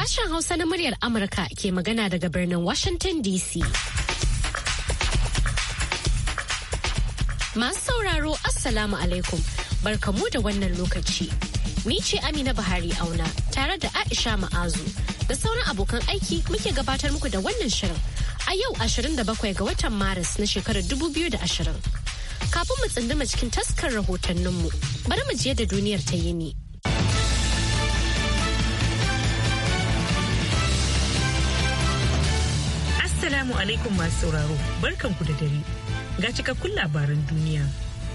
Sashen Hausa na muryar Amurka ke magana daga birnin Washington DC. Masu sauraro Assalamu alaikum barkamu da wannan lokaci. Ni ce Amina Buhari auna tare da Aisha Ma'azu da sauran abokan aiki muke gabatar muku da wannan shirin a yau 27 ga watan Maris na shekarar 2020. Kafin mu tsinduma cikin taskar rahotanninmu, bari mu je da duniyar ta yini. Assalamu alaikum masu sauraro, barkanku da dare. Ga cikakkun labaran duniya.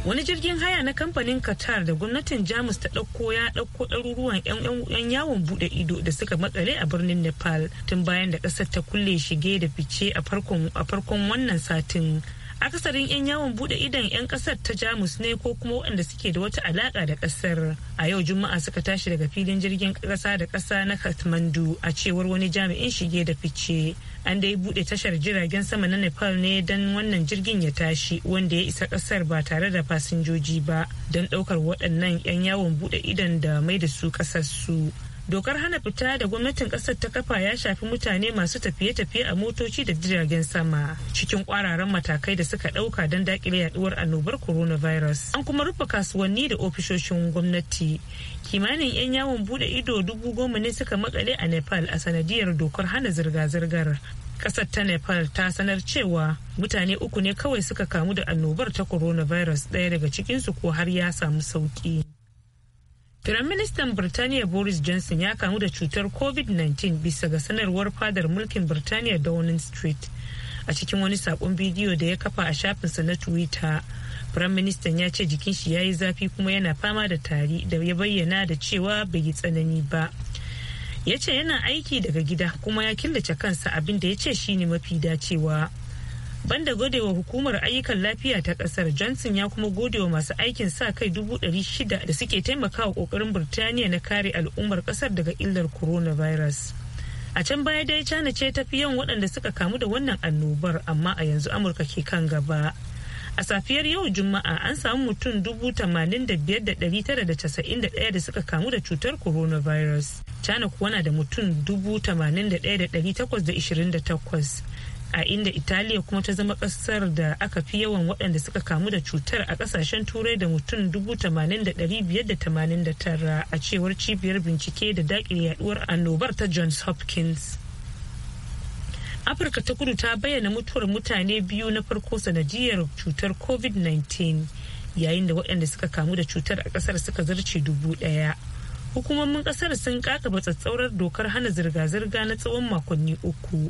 Wani jirgin haya na kamfanin Qatar da gwamnatin Jamus ta ɗauko ya ɗauko ɗaruruwan 'yan yawon buɗe ido da suka matsale a birnin Nepal tun bayan da ƙasar ta kulle shige da fice a farkon wannan satin. akasarin 'yan yawon buɗe idon 'yan ƙasar ta jamus ne ko kuma waɗanda suke da wata alaƙa da ƙasar a yau juma'a suka tashi daga filin jirgin ƙasa da ƙasa na kathmandu a cewar wani jami'in shige da fice an dai bude tashar jiragen sama na nepal ne don wannan jirgin ya tashi wanda ya isa kasar ba tare da fasinjoji ba don daukar waɗannan 'yan yawon bude idon da mai da su kasar su dokar hana fita da gwamnatin kasar ta kafa ya shafi mutane masu tafiye-tafiye a motoci da jiragen sama cikin kwararan matakai da suka dauka don dakile yaduwar annobar coronavirus an kuma rufe kasuwanni da ofishoshin gwamnati kimanin 'yan yawon bude ido dubu goma ne suka makale a nepal a sanadiyar dokar hana zirga-zirgar kasar ta nepal ta sanar cewa mutane uku ne kawai suka kamu da annobar ta coronavirus daya daga cikinsu ko har ya samu sauki Firaministan Birtaniya Boris Johnson ya kamu da cutar COVID-19 bisa ga sanarwar fadar mulkin Birtaniya Downing Street. A cikin wani saƙon bidiyo da ya kafa a shafinsa na Twitter, Firaministan ya ce jikin shi ya yi zafi kuma yana fama da tari da ya bayyana da cewa bai yi tsanani ba. Ya ce yana aiki daga gida kuma ya killace kansa abin da ya ce shi ne mafi dacewa. banda godewa hukumar ayyukan lafiya ta kasar johnson ya kuma godewa masu aikin sa kai dubu dari shida da suke taimakawa kokarin birtaniya na kare al'ummar kasar daga illar coronavirus a can baya dai china ce ta fi yawan waɗanda suka kamu da wannan annobar amma a yanzu amurka ke kan gaba a safiyar yau juma'a an samu mutum dubu tamanin da biyar da dari tara da casa'in da ɗaya da suka kamu da cutar coronavirus china kuwa na da mutum dubu tamanin da ɗaya da dari takwas da ishirin da takwas a inda italiya kuma ta zama kasar da aka fi yawan waɗanda suka kamu da cutar a ƙasashen turai da mutum 80,589 a cewar cibiyar bincike da daƙile yaɗuwar annobar ta johns hopkins afirka ta kudu ta bayyana mutuwar mutane biyu na farko sanadiyar cutar covid-19 yayin da waɗanda suka kamu da cutar a ƙasar suka zarce dubu ɗaya hukumomin ƙasar sun batsa tsatsaurar dokar hana zirga-zirga na tsawon makonni uku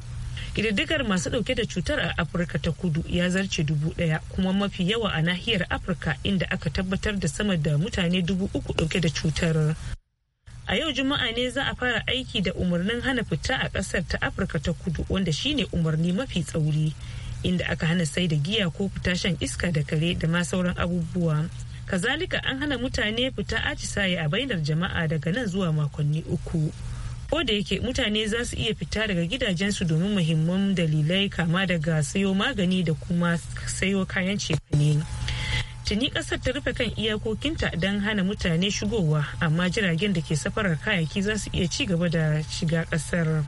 ƙididdigar masu ɗauke da cutar a afirka ta kudu ya zarce dubu ɗaya kuma mafi yawa a nahiyar afirka inda aka tabbatar da sama da mutane dubu uku ɗauke da cutar a yau juma'a ne za a fara aiki da umarnin hana fita a ƙasar ta afirka ta kudu wanda shine umarni mafi tsauri inda aka hana sai da giya ko fita shan iska da kare da ma sauran abubuwa kazalika an hana mutane fita atisaye a bainar jama'a daga nan zuwa makonni uku ko da yake mutane za su iya fita daga gidajensu domin muhimman dalilai kama daga sayo magani da kuma sayo kayan cefane tuni kasar ta rufe kan iyakokinta don hana mutane shigowa amma jiragen da ke safarar kayaki za su iya ci gaba da shiga kasar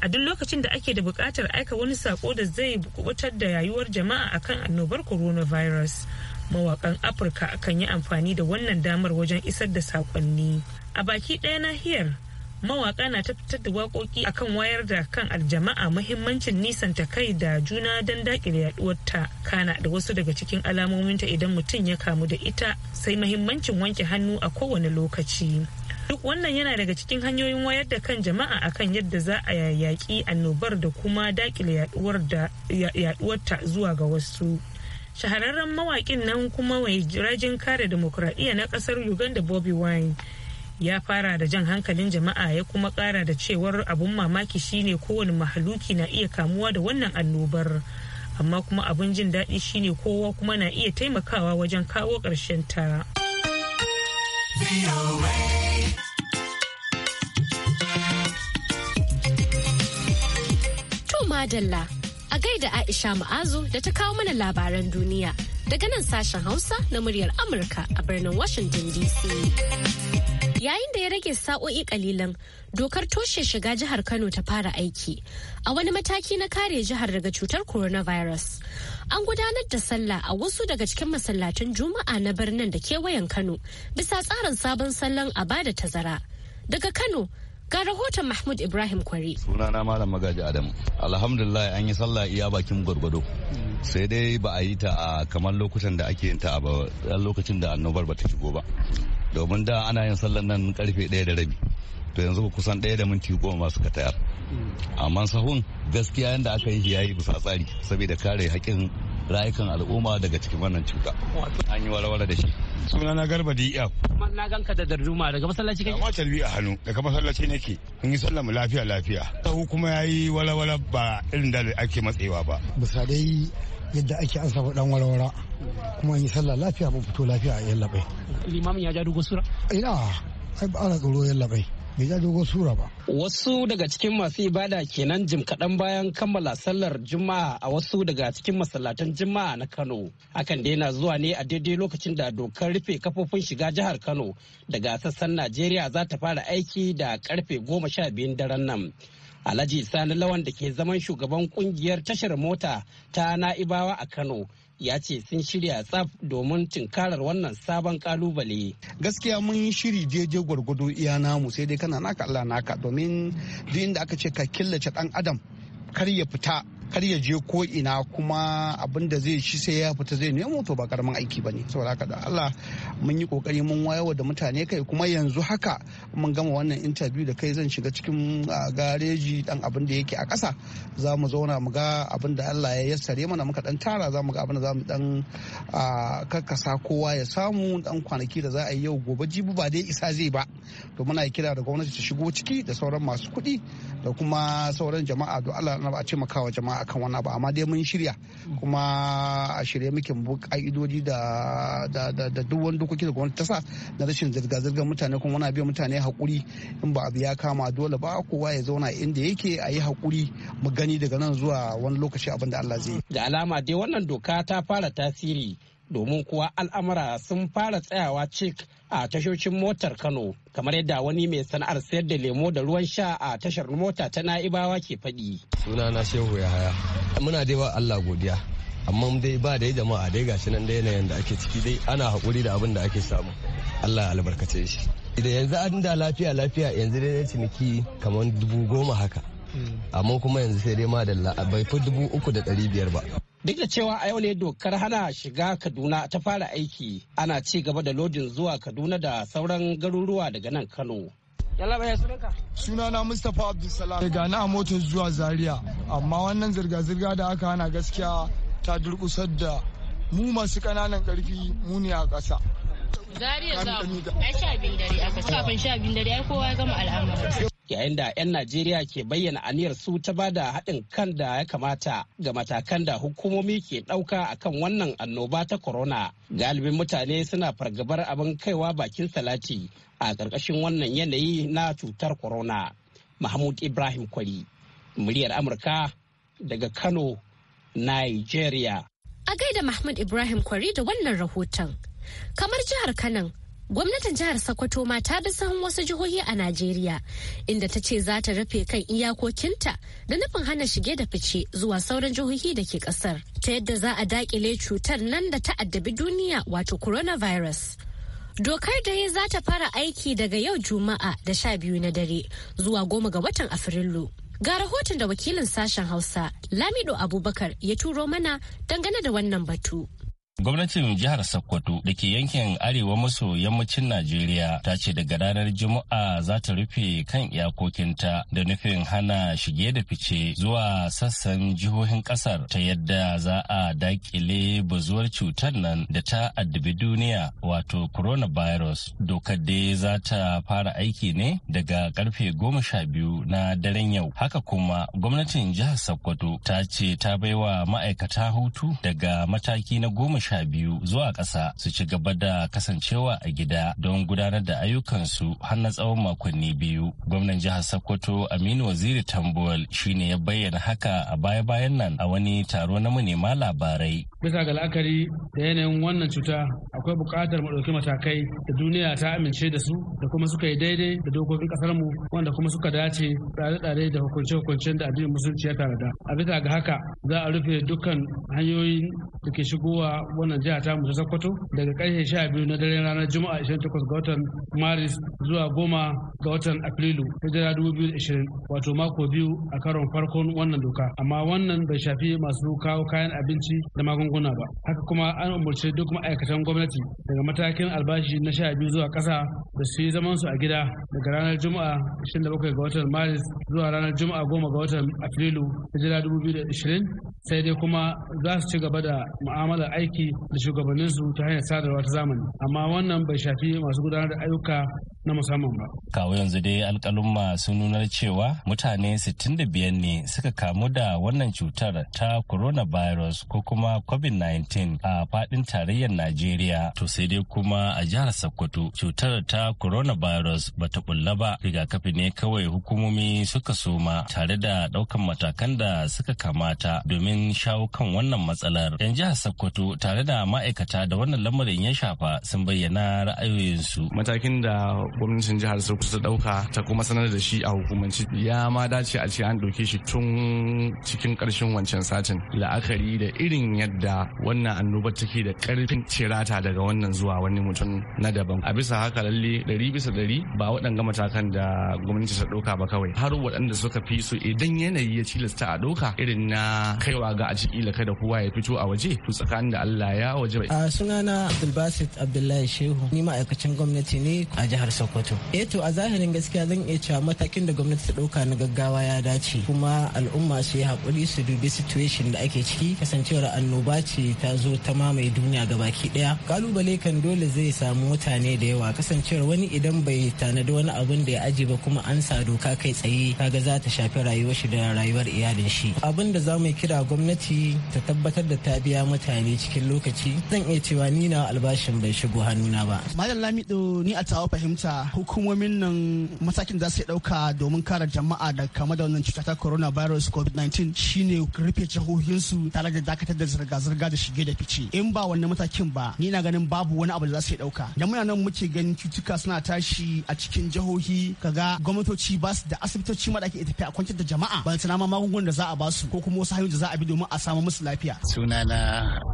a duk lokacin da ake da buƙatar aika wani sako da zai kubutar da yayuwar jama'a akan annobar coronavirus mawakan afirka kan yi amfani da wannan damar wajen isar da sakonni a baki ɗaya nahiyar mawaka na tattar da waƙoƙi akan wayar da kan aljama'a muhimmancin ta kai da juna don dakile yaduwar ta kana da wasu daga cikin alamominta idan mutum ya kamu da ita sai muhimmancin wanke hannu a kowane lokaci duk wannan yana daga cikin hanyoyin wayar da kan jama'a akan yadda za a yayaƙi annobar da kuma dakile yaduwar ta zuwa ga wasu shahararren mawakin nan kuma mai rajin kare demokuraɗiyya na ƙasar uganda bobby wine ya fara da jan hankalin jama'a ya kuma kara da cewar abun mamaki shine kowane mahaluki na iya kamuwa da wannan annobar amma kuma abun jin daɗi shine kowa kuma na iya taimakawa wajen kawo ƙarshen ta. Madalla a gaida Aisha Ma'azu da ta kawo mana labaran duniya daga nan sashen Hausa na muryar Amurka a birnin Washington DC. Yayin da ya rage sa'o'i kalilan, dokar toshe shiga jihar Kano ta fara aiki a wani mataki na kare jihar daga cutar coronavirus. An gudanar da sallah a wasu daga cikin masallatun Juma'a na birnin da kewayen Kano bisa tsarin sabon sallan a bada tazara. Daga Kano, Ga rahoton Mahmud Ibrahim Kwari. Sunana Malam Magaji Adamu. Alhamdulillah an yi sallah iya bakin gwargwado. Sai dai ba a yi ta a kamar lokutan da ake yin ta a lokacin da annobar ba ta shigo ba. Domin da ana yin sallan nan karfe daya da rabi. To yanzu kusan daya da minti goma masu ka tayar. Amma sahun gaskiya yadda aka yi shi ya yi bisa tsari saboda kare haƙƙin rayukan al'umma daga cikin wannan cuta an yi walwala da shi suna na garba da na ganka da darduma daga masallaci kai. amma talbi a hannu daga masallaci nake in yi sallama lafiya lafiya sahu kuma yayi walwala ba irin da ake matsewa ba dai yadda ake an samu dan walwala kuma yi sallah lafiya mun fito lafiya a yallabai limamin ya ja dogon sura ina ai ba ana tsoro yallabai bai ja dogon sura ba. Wasu daga cikin masu ibada kenan jim kaɗan bayan kammala sallar Juma'a a wasu daga cikin masallatan Juma'a na Kano. Hakan dai na zuwa ne a daidai lokacin da dokar rufe kafofin shiga jihar Kano daga sassan Najeriya za ta fara aiki da karfe goma sha biyun daren nan. Alhaji Sani Lawan da ke zaman shugaban kungiyar tashar mota ta Na'ibawa a Kano ya ce sun shirya tsaf domin tunkarar wannan sabon kalubale. Gaskiya mun yi shiri daidai gwargwado iya namu sai dai kana naka Allah naka domin duk inda aka ce ka killace dan adam kar ya fita kar ya je ko ina kuma abin da zai ci sai ya fita zai nemo to ba karamin aiki ba bane saboda haka da Allah mun yi kokari mun wayewa da mutane kai kuma yanzu haka mun gama wannan interview da kai zan shiga cikin gareji dan abin da yake a ƙasa za mu zauna mu ga abin da Allah ya yassare mana muka dan tara za mu ga abin da za mu dan karkasa kowa ya samu dan kwanaki da za a yi yau gobe jibi ba dai isa zai ba to muna kira da gwamnati ta shigo ciki da sauran masu kuɗi da kuma sauran jama'a do Allah na ba a taimakawa jama'a akan wani abu amma dai mun shirya kuma a shirya muke mu ka'idodi da da duk wani dokoki da gwamnati ta sa na rashin zirga zirga mutane kuma wani biyan mutane hakuri in ba abu ya kama dole ba kowa ya zauna inda yake a yi hakuri mu gani daga nan zuwa wani lokaci abin da Allah zai yi. Da alama dai wannan doka ta fara tasiri domin kuwa al'amura sun fara tsayawa cik a tashoshin motar kano kamar yadda wani mai sana'ar sayar da lemo da ruwan sha a tashar mota ta na'ibawa ke faɗi. na shehu ya haya muna dai wa allah godiya amma dai ba dai jama'a dai gashi nan dai yanayin da ake ciki dai ana haƙuri da abin da ake samu allah albarkace shi da yanzu an da lafiya lafiya yanzu dai ciniki kamar dubu goma haka hmm. amma kuma yanzu sai dai ma bai fi dubu uku da ɗari biyar ba Duk da cewa a yau ne dokar hana shiga Kaduna ta fara aiki ana ci gaba da lodin zuwa Kaduna da sauran garuruwa daga nan Kano. Sunana Mustapha Abdulsalam Daga na motar zuwa Zaria amma wannan zirga-zirga da aka hana gaskiya ta durkusar da mu masu ƙananan ƙarfi mu ne a ƙasa. Zaria za mu. Ai sha bin dare kafin sha bin dare ai kowa gama al'amura. yayin da 'yan najeriya ke bayyana aniyar su ta ba da haɗin kan da ya kamata ga matakan da hukumomi ke ɗauka akan wannan annoba ta corona galibin mutane suna fargabar abin kaiwa bakin salati a ƙarƙashin wannan yanayi na cutar corona mahmud ibrahim kwari muryar amurka daga kano nigeria a gaida mahmud ibrahim kwari da wannan rahoton kamar jihar kanan Gwamnatin jihar Sokoto ma ta bi sahun wasu jihohi a Najeriya inda ta ce za ta rufe kan iyakokinta da nufin hana shige da fice zuwa sauran jihohi da ke kasar ta yadda za a dakile cutar nan da ta'addabi duniya wato coronavirus. Dokar da ya za ta fara aiki daga yau Juma'a da sha biyu na dare zuwa goma ga watan Afrilu. Ga rahoton da wakilin sashen Hausa Lamido Abubakar ya turo mana dangane da wannan batu. Gwamnatin jihar Sokoto da ke yankin arewa maso yammacin Najeriya ta ce daga ranar Juma'a za ta rufe kan iyakokinta da nufin hana shige da fice zuwa sassan jihohin kasar ta yadda za a dakile bazuwar cutar nan da ta addabi duniya wato coronavirus. Dokar dai za ta fara aiki ne daga karfe goma sha biyu na daren yau. Haka kuma gwamnatin jihar Sokoto ta ce ta baiwa ma'aikata hutu daga mataki na goma sha biyu zuwa ƙasa su ci gaba da kasancewa a gida don gudanar da ayyukansu har na tsawon makonni biyu. Gwamnan jihar Sokoto Aminu Waziri Tambuwal shine ya bayyana haka a baya-bayan nan a wani taro na manema labarai. Bisa ga la'akari da yanayin wannan cuta akwai buƙatar mu ɗauki matakai da duniya ta amince da su da kuma suka yi daidai da dokokin ƙasar mu wanda kuma suka dace tsare-tsare da hukunce-hukuncen da addinin musulunci ya tarada. A bisa ga haka za a rufe dukkan hanyoyin da ke shigowa wannan jiha ta musu Sokoto daga karfe sha biyu na daren ranar Juma'a 28 ga watan Maris zuwa goma ga watan Afrilu hijira 2020 wato mako biyu a karon farkon wannan doka amma wannan bai shafi masu kawo kayan abinci da magunguna ba haka kuma an umarci duk ma'aikatan gwamnati daga matakin albashi na sha biyu zuwa kasa da su yi zaman su a gida daga ranar Juma'a 27 ga watan Maris zuwa ranar Juma'a goma ga watan Afrilu hijira 2020 sai dai kuma za su ci gaba da mu'amalar aiki da shugabanninsu ta hanyar sadarwa ta zamani amma wannan bai shafi masu gudanar da ayyuka na musamman ba. Kawo yanzu dai alkalumma sun nunar cewa mutane 65 ne suka kamu da wannan cutar ta coronavirus ko kuma COVID-19 a fadin tarayyar Najeriya. To sai dai kuma a jihar Sokoto cutar ta coronavirus ba ta bulla ba rigakafi ne kawai hukumomi suka soma tare da daukan matakan da suka kamata domin shawo kan wannan matsalar. Yan jihar Sokoto tare da ma'aikata da wannan lamarin ya shafa sun bayyana ra'ayoyinsu. Matakin da gwamnatin jihar Sokoto ta dauka ta kuma sanar da shi a hukumance ya ma dace a ce an ɗauke shi tun cikin ƙarshen wancan satin la'akari da irin yadda wannan annobar take da karfin cirata daga wannan zuwa wani mutum na daban a bisa haka lalle ɗari bisa ɗari ba waɗanga matakan da gwamnati ta ɗauka ba kawai har waɗanda suka fi su idan yanayi ya cilasta a ɗauka irin na kaiwa ga a ciki kada kowa ya fito a waje to tsakanin da Allah ya waje. a sunana Abdulbasit Abdullahi Shehu ni ma'aikacin gwamnati ne a jihar sokoto e to a zahirin gaskiya zan iya cewa matakin da gwamnati ta ɗauka na gaggawa ya dace kuma al'umma su yi haƙuri su dubi situation da ake ciki kasancewar annoba ce ta zo ta mamaye duniya ga baki ɗaya kalubale kan dole zai samu mutane da yawa kasancewar wani idan bai tanadi wani abun da ya aji ba kuma an sa doka kai tsaye kaga za ta shafi rayuwar shi da rayuwar iyalin shi abin da zamu mu kira gwamnati ta tabbatar da ta biya mutane cikin lokaci zan iya cewa ni na albashin bai shigo hannuna ba malam lamido ni a tawo fahimta hukumomin nan matakin za su dauka domin kare jama'a da kama da wannan cuta ta coronavirus covid-19 shine rufe jihohinsu tare da dakatar da zirga-zirga da shige da fice in ba wannan matakin ba ni na ganin babu wani abu da za su dauka da muna nan muke ganin cutuka suna tashi a cikin jihohi kaga gwamnatoci ba su da asibitoci ma da ake tafiya a kwantar da jama'a ba ma magungunan da za a ba su ko kuma wasu hanyoyin da za a bi domin a samu musu lafiya sunana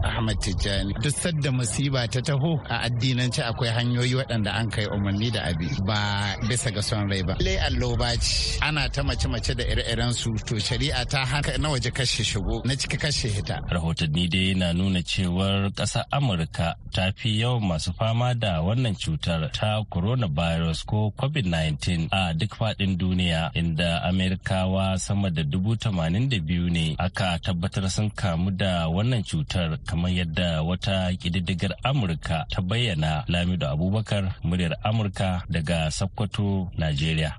ahmad tijjani duk sadda musiba ta taho a addinance akwai hanyoyi waɗanda an kai umarni da abi ba bisa ga son rai ba lai alloba ce ana ta mace mace da ire-iren su to shari'a ta haka na waje kashe shigo na ciki kashe hita rahotanni dai na nuna cewar ƙasar amurka ta fi yawan masu fama da wannan cutar ta Corona Virus ko covid-19 a duk faɗin duniya inda amerikawa sama da dubu tamanin da biyu ne aka tabbatar sun kamu da wannan cutar kamar yadda wata ƙididdigar amurka ta bayyana lamido abubakar muryar amurka daga Sokoto, Najeriya.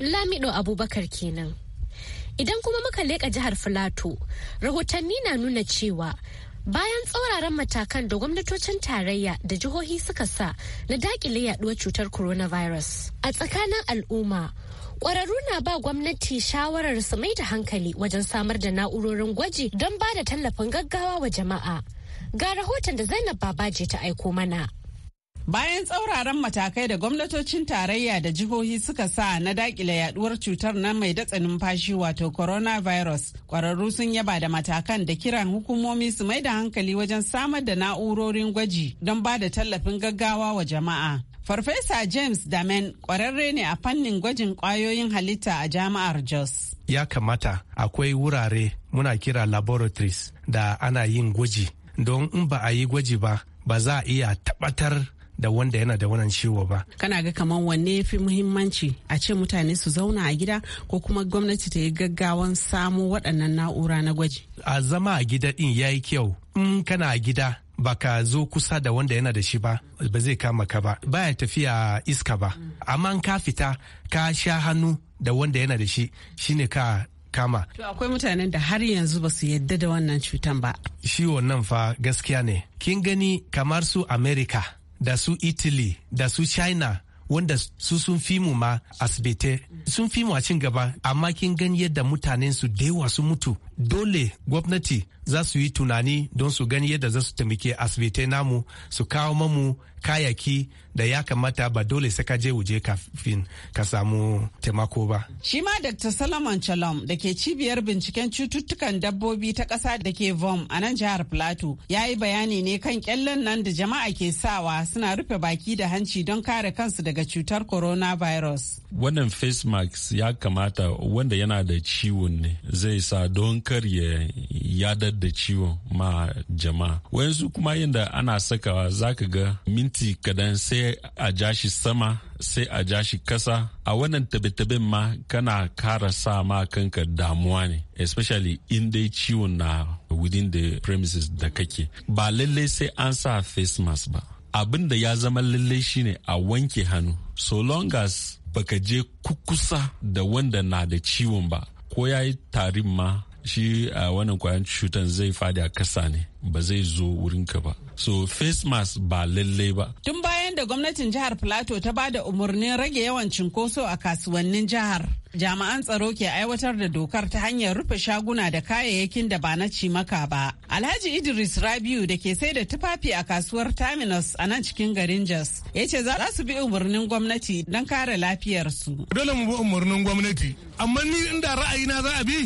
Lamido Abubakar kenan. Idan kuma muka leƙa jihar Filato, rahotanni na nuna cewa bayan tsauraran matakan da gwamnatocin tarayya da jihohi suka sa na dakile yaduwar cutar coronavirus a tsakanin al'umma ƙwararru na ba gwamnati shawarar su mai da hankali wajen samar da na'urorin gwaji don ba da tallafin gaggawa wa jama'a ga rahoton da zainab babaje ta aiko mana Bayan tsauraran matakai da gwamnatocin tarayya da jihohi suka sa na dakile yaduwar cutar na mai datsa numfashi wato coronavirus, kwararru sun yaba da matakan da kiran hukumomi su mai da hankali wajen samar da na'urorin gwaji don ba da tallafin gaggawa wa jama'a. Farfesa James Damen kwararre ne a fannin gwajin kwayoyin halitta a jami'ar Jos. Ya kamata akwai wurare muna kira laboratories da ana yin gwaji don in ba a yi gwaji ba ba za a iya tabbatar da wanda yana da wannan ciwo ba kana ga kamar wanne fi muhimmanci a ce mutane su zauna a gida ko kuma gwamnati ta yi gaggawan samo waɗannan na'ura na gwaji a zama a gida din yi kyau in kana a gida baka zo kusa da wanda yana da shi ba ba zai kama ka ba baya tafiya iska ba amma ka fita ka sha hannu da wanda yana da shi shine ka kama to akwai mutanen da har yanzu ba su yadda da wannan cutan ba shi wannan fa gaskiya ne kin gani kamar su america da su italy da su china wanda su sun fi mu ma asibiti sun fi mu a cin gaba amma kin gani yadda mutanen su da su mutu dole gwamnati za su yi tunani don su gani yadda za su taimake asibitai namu su kawo mamu kayaki da ya kamata ba dole sai ka je wuje kafin ka samu taimako ba. Shi ma Dr. Solomon Chalom da ke cibiyar binciken cututtukan dabbobi ta ƙasa da ke VOM a nan jihar Plateau ya yi bayani ne kan kyallen nan da jama'a ke sawa suna rufe baki da hanci don kare kansu daga cutar coronavirus. wannan face mask ya kamata wanda yana da ciwon ne zai sa don kar ya yadar da ciwon ma jama'a wayansu kuma yadda ana sakawa zaka ga minti kadan sai a ja sama sai a ja kasa a wannan tabe-taben ma kana kara sa ma kanka damuwa ne especially in dai ciwon na within the premises da kake ba lallai sai an sa face mask ba abin da ya zama lallai shine a wanke hannu so long as baka je kukusa da wanda na da ciwon ba ko ya yi tarin ma shi a wannan kwayan cutan zai fadi a kasa ne ba zai zo wurin ka ba so face mask ba lallai ba tun bayan da gwamnatin jihar plateau ta bada umarnin rage yawan cinkoso a kasuwannin jihar jami'an tsaro ke aiwatar da dokar ta hanyar rufe shaguna da kayayyakin da ba na cimaka ba alhaji idris rabiu da ke sai da tufafi a kasuwar terminus a nan cikin garin jos ya ce za su bi umarnin gwamnati don kare lafiyarsu dole mu bi umarnin gwamnati amma ni inda ra'ayina za a bi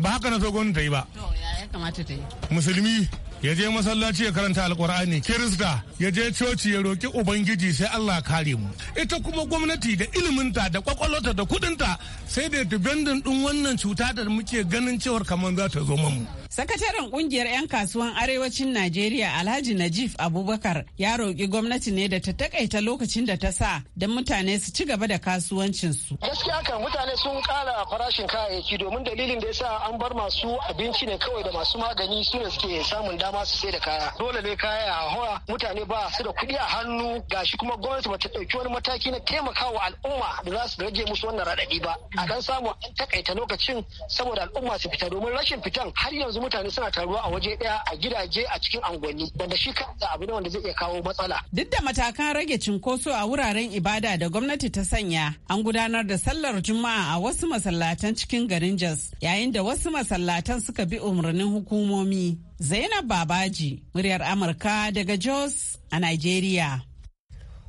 ba haka na so gwamnati ta yi ba. To ya kamata ta yi. Musulmi ya je masallaci ya karanta alkur'ani kirista ya je coci ya roki ubangiji sai allah kare mu ita kuma gwamnati da iliminta da kwakwalwata da kudinta sai da dubendin din wannan cuta da muke ganin cewar kamar za ta zo mu Sakataren kungiyar 'yan kasuwan arewacin Najeriya Alhaji Najif Abubakar ya roki gwamnati ne da ta takaita lokacin da ta sa don mutane su ci gaba da kasuwancinsu. Gaskiya kan mutane sun ƙara farashin kayayyaki domin dalilin da ya sa an bar masu abinci ne kawai da masu magani su ne suke samun dama su sai da kaya dole ne kaya a hawa mutane ba su da kuɗi a hannu gashi kuma gwamnati ba ta ɗauki wani mataki na taimakawa al'umma da za su rage musu wannan raɗaɗi ba a dan samu an takaita lokacin saboda al'umma su fita domin rashin fitan har yanzu mutane suna taruwa a waje daya a gidaje a cikin unguwanni. wanda shi kansa abu ne wanda zai iya kawo matsala duk da matakan rage cinkoso a wuraren ibada da gwamnati ta sanya an gudanar da sallar juma'a a wasu masallatan cikin garin jos yayin da wasu masallatan suka bi umarnin hukumomi Zainab Babaji, muryar Amurka daga Jos a Nigeria.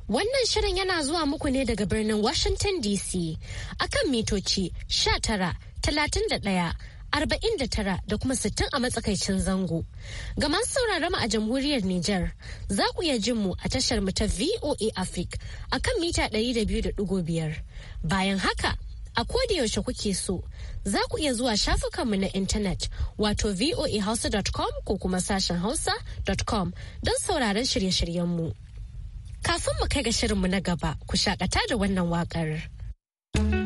Wannan shirin yana zuwa muku ne daga birnin Washington DC akan mitoci 19, tara, talatin da kuma 60 a matsakaicin zango. Ga masu sauraron mu a jamhuriyar Nijar, za ku iya jin mu a tashar mu ta VOA Africa akan mita 200.5. Bayan haka, a yaushe kuke so za ku iya zuwa shafukan mu na intanet wato voahausa.com ko kuma sashen hausa.com don sauraron shirye-shiryenmu. Kafin mu kai ga shirinmu na gaba ku shakata da wannan waƙar.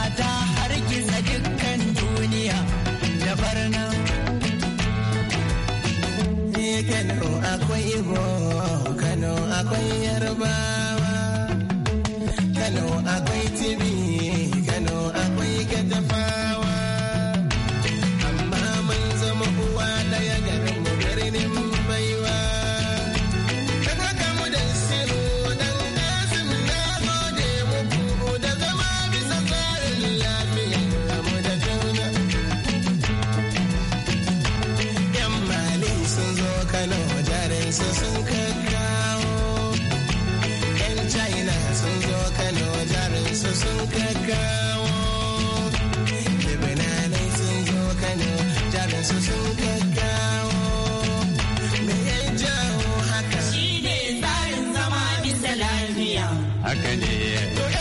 da da. Haka ne.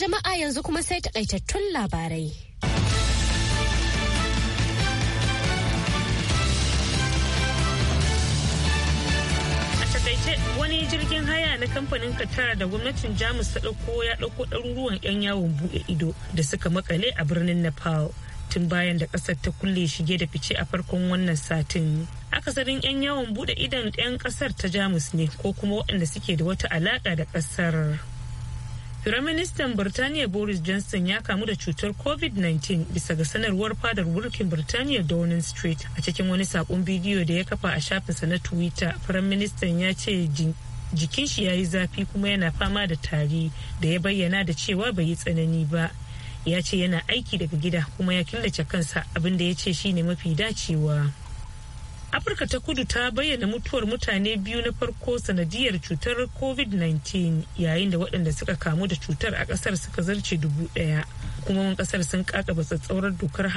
jama'a yanzu kuma sai takaitattun labarai. wani jirgin haya na kamfanin katara da gwamnatin jamus ta ɗauko ya ɗauko ɗaruruwan 'yan yawon buɗe ido da suka makale a birnin nepal tun bayan da ƙasar ta kulle shige da fice a farkon wannan satin akasarin 'yan yawon buɗe idon 'yan ƙasar ta jamus ne ko kuma waɗanda suke da wata alaƙa da ƙasar Firaministan Birtaniya Boris Johnson ya kamu da cutar COVID-19 bisa ga sanarwar fadar mulkin Birtaniya Downing Street a cikin wani sakon bidiyo da ya kafa a shafinsa na Twitter. Firaministan ya ce jikin shi ya yi zafi kuma yana fama da tari da ya bayyana da cewa bai yi tsanani ba. Ya ce yana aiki daga gida kuma ya killace kansa abin da ya ce shine mafi dacewa. afirka ta kudu ta bayyana mutuwar mutane biyu na farko sanadiyar cutar covid-19 yayin da waɗanda suka kamu da cutar a ƙasar suka zarce dubu ɗaya wani ƙasar sun kakaba tsatsaurar dokar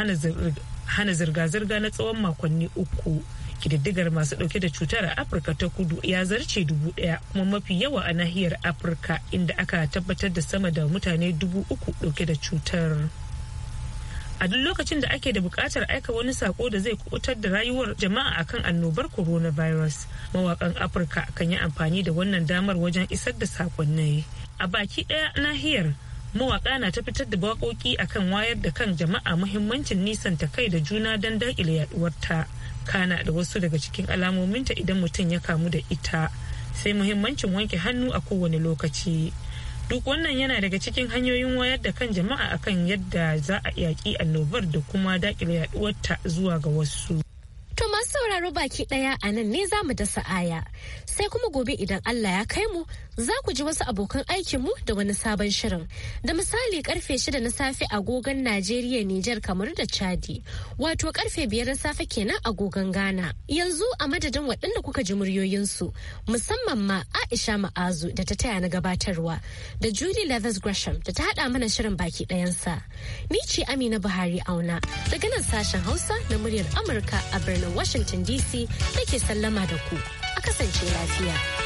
hana zirga-zirga na tsawon makonni uku kididdigar masu ɗauke da cutar a afirka ta kudu ya zarce dubu ɗaya kuma mafi yawa a nahiyar afirka inda aka tabbatar da sama da mutane dubu uku ɗauke da cutar. a duk lokacin da ake da buƙatar aika wani sako da zai kubutar da rayuwar jama'a akan annobar coronavirus mawakan afirka kan yi amfani da wannan damar wajen isar da sakonni a baki ɗaya nahiyar mawaka na ta fitar da waƙoƙi akan wayar da kan jama'a muhimmancin nisanta kai da juna don daƙile yaduwar ta kana da wasu daga cikin alamominta idan mutum ya kamu da ita sai muhimmancin wanke hannu a kowane lokaci duk wannan yana daga cikin hanyoyin wayar da kan jama'a akan yadda za a yaƙi annobar da kuma daƙile yaɗuwarta zuwa ga wasu. To sauraro baki ɗaya a nan ne za mu dasa aya. Sai kuma gobe idan Allah ya kai mu za ku ji wasu abokan mu da wani sabon shirin. Da misali karfe shida na safe agogon Najeriya, Nijar, kamar da Chadi. Wato karfe biyar na safe kenan agogon Ghana. Yanzu a madadin waɗanda kuka ji muryoyinsu musamman ma Aisha Ma'azu da ta taya na gabatarwa da Julie Leathers Gresham da ta hada mana shirin baki ɗayansa. Ni ce Amina Buhari Auna daga nan sashen Hausa na muryar Amurka a birnin Washington Washington DC nake sallama da ku. A kasance lafiya.